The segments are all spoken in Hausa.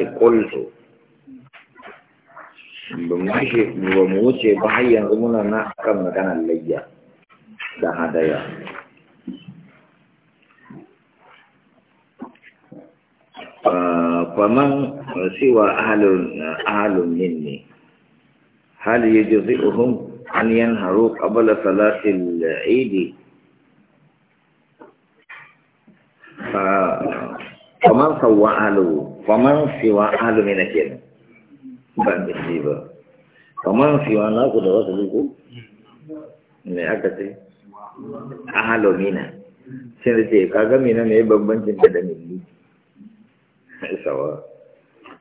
قلت بمشي بحي ينظمون أنا مكان اللي فمن سوى أهل أهل مني هل يجزئهم أن ينهروا قبل صلاة العيد فمن سوى أهله faman siwa alumi na kenan ba da shi ba faman siwa na ku da wasu zuku me aka ce ahalumi na sai da ce kaga mina mai bambancin da da milli sawa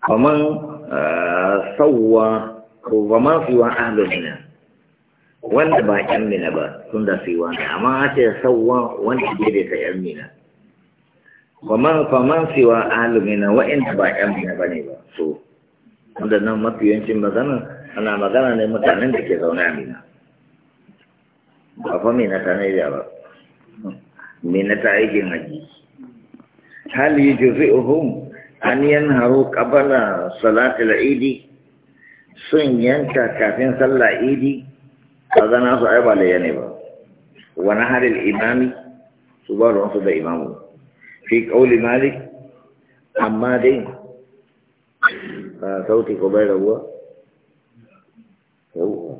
faman eh, sauwa ko faman siwa alumi na wanda ba yan mina ba tun da siwa amma a ce sauwa wanda ke da ta yan mina kuma fama siwa alumina wa'inda ba yan bane ba ne ba so wanda nan mafi yancin magana ana magana ne mutanen da ke zaune a mina ba fa mina ta ne ba mina ta aikin haji hal yujri'uhum an yan yanharu qabala da idi sun yanka kafin sallah idi zana su ai ba ne ba wani halin imami su ba ruwansu da imamu في قول مالك حمادي آه، صوتي قبيل هو هو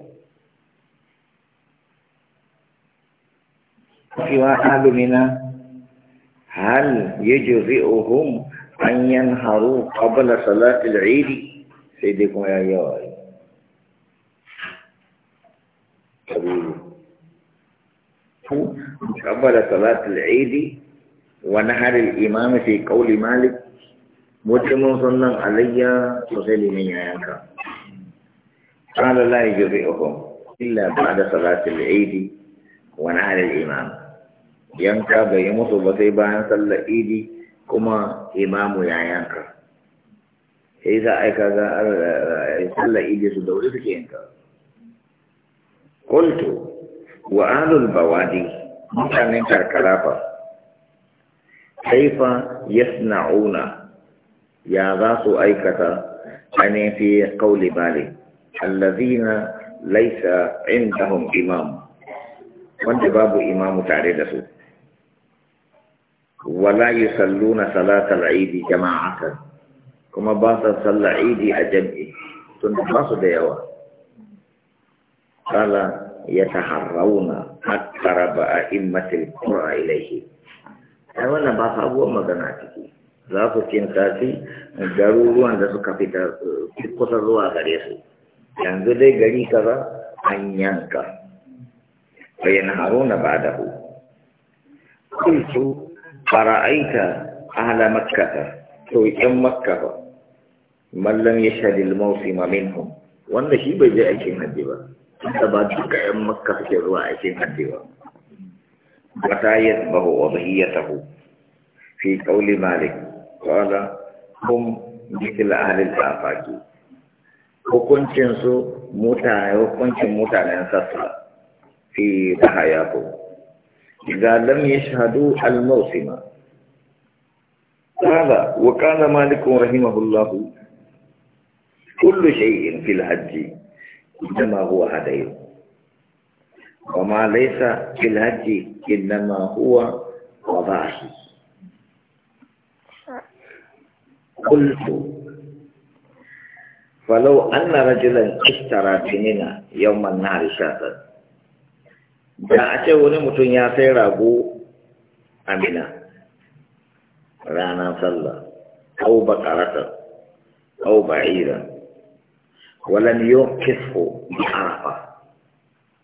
في واحد منا هل يجزئهم أن ينهروا قبل صلاة العيد سيدكم يا يوائي قبل صلاة العيد wani harin imami fi kauli malik mutum mun sunan alayya sosai limin yayan ka ƙanar la'ayi jirgin uku illa ba da salatin da'idi wani harin imam yanka ga yi mutu ba sai bayan sallar idi kuma imamu yayan ka sai za a yi ka za eh, a su da wuri suke yanka kultu wa'adul bawadi mutanen karkara كيف يصنعون يا ذات أيكة أني يعني في قول بالي الذين ليس عندهم إمام وانت باب إمام تعريده ولا يصلون صلاة العيد جماعة كما باس صلى عيد أجمع تنباس ديوا قال يتحرون أقرب أئمة القرى إليه ai wannan ba sabuwar magana ciki za ku cin shi garuruwan da suka fita eh, kusa zuwa gare su yanzu dai gari kaza an yanka bayan haruna ba da hu kultu a hana makkata to yan makka mallam ya shadil mamin hu wanda shi bai je aikin hajji ba da ba duka yan makka suke zuwa aikin hajji ba متى يذبح وضحيته في قول مالك قال هم مثل أهل الآفاق وكنتم mutane وكنتم mutanen sassa fi في hayako إذا لم يشهدوا الموسم هذا وقال مالك رحمه الله كل شيء في الحج إنما هو يوم وما ليس في الهج إنما هو وضعه قلت فلو أن رجلا اشترى بننا يوم النار شاتا جاءت ونمت ياسير أبو أمينة رانا صلى أو بقرة أو بعيرا ولم يوقفه بعرفة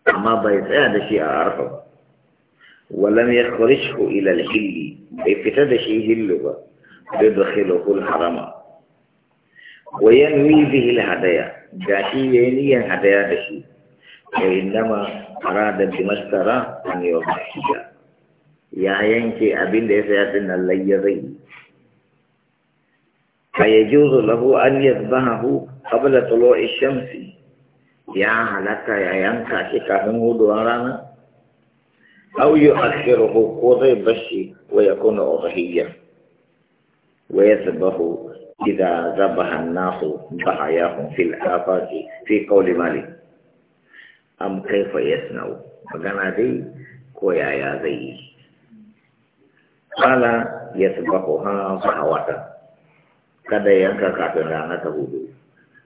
أما بيتان شيء أعرفه ولم يخرجه إلى الحل ابتدى شيء اللغة يدخله الحرم وينوي به الهدايا جاشي يني هدايا دشي وإنما أراد بما أن يضحي يا ينكي أبين ليس اللي يضي فيجوز له أن يذبحه قبل طلوع الشمس ya halatta ya yanka shi kafin huduwan rana au yi akhiruhu ko zai bashi wa ya kuna udhiyya wa yasbahu idza zabaha an-nasu bahayahum fil afaqi fi qawli malik am kaifa yasna'u magana dai ko yaya zai yi kala yasbahuha fahawata kada yanka kafin rana ta hudu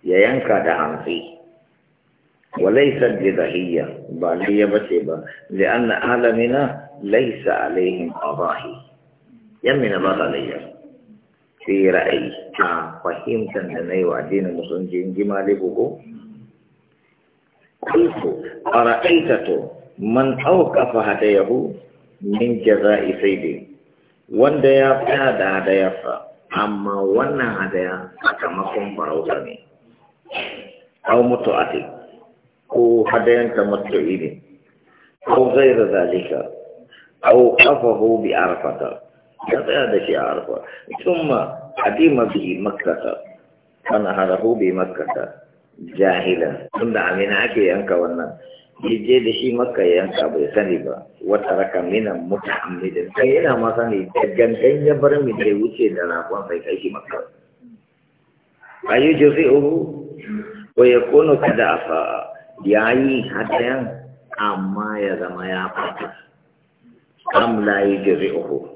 ya yanka da hantsi وليس وليست بل هي بسيبة لأن عالمنا ليس عليهم أضاحي يمنا بطا ليا في رأيي فهم أنني وعدين المسلمين جمالي بقو قلت أرأيت من أوقف هديه من جزاء سيدي wanda ya tsaya da hadayarsa amma wannan hadaya sakamakon farauta ne au mutu a teku ko hadayan tamattu'i ne ko da zalika au qafahu bi arfata ya tsaya da shi a arfa thumma qadima bi makkata kana harahu bi makkata jahilan tunda amina ake yanka wannan je da shi makka yanka bai sani ba wata raka mina muta'ammidin sai yana ma sani gangan ya bar mi da wuce da rakon sai kai shi makka ayu juzi'uhu wa yakunu kada afa ya yi hadayan amma ya zama ya fata kam la yi jiri uku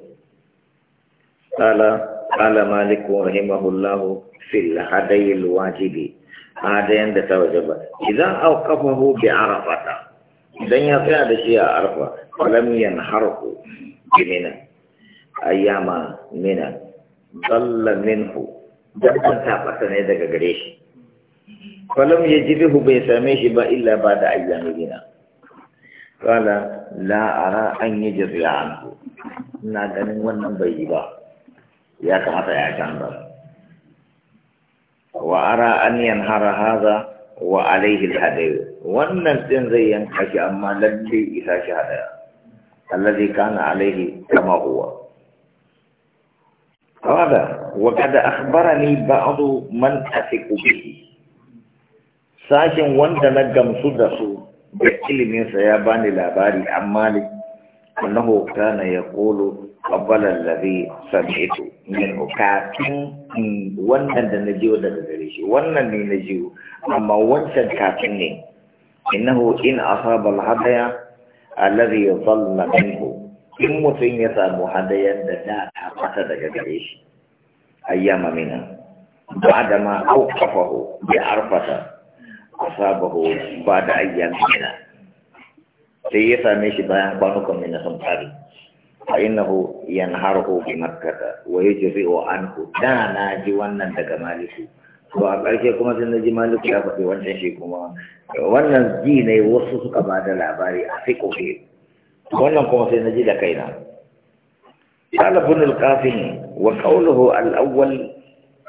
ƙala ƙala rahimahullahu fil hadayin wajibi hadayan da ta waje ba idan aukafahu bi arafata idan ya tsaya da shi a arfa falam yanharhu bi mina ayyama mina dalla minhu dan ta ne daga gare shi فلم يجده بيساميه با إلا بعد أيام الغناء قال لا أرى أن يجري عنه إنا قنن ونن يا كاتا يا كاتا وأرى أن ينهر هذا وعليه الحديث ونن تنزي ينكش أما لدي إذا شهد الذي كان عليه كما هو قال وقد أخبرني بعض من أثق به sashin wanda na gamsu da su da iliminsa ya bani labari amma ne annahu kana yaqulu qabbala alladhi sami'tu min kafin wannan da na jiwo daga gare shi wannan ne na jiwo amma wancan kafin ne innahu in asaba alhadaya alladhi yadhalla minhu in mutum ya samu hadayan da da ta fata daga gare shi ayyama mina ba da ma auqafahu bi arfata asabahu ba da ayyan mina sai ya same shi bayan kwanukan mina sun fari fa innahu yanharuhu bi makkah wa yajri'u anhu da na ji wannan daga maliki. to a ƙarshe kuma sai na ji maliki ya faɗi wancan shi kuma wannan ji ne wasu suka ba da labari a sai wannan kuma sai na ji da kaina قال ابن القاسم وقوله الأول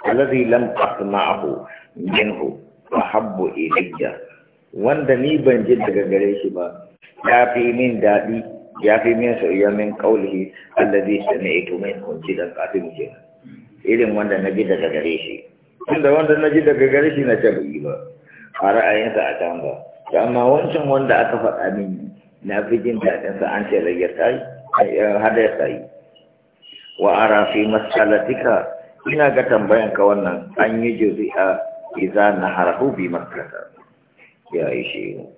الذي لم أسمعه منه ahabbu ilayya wanda ni ban ji daga gare shi ba ya fi min daɗi ya fi min soyayya min qawlihi alladhi sami'tu min kunti da kafin ji irin wanda na ji daga gare shi tunda wanda na ji daga gare shi na ce ba a ra'ayinsa a kan ba amma wancan wanda aka faɗa min na fi jin sa an ce rayyar ta hada ya ta wa ara fi masalatika ina ga ka wannan an yi juzi'a إذا نهره بمكة يا إشيه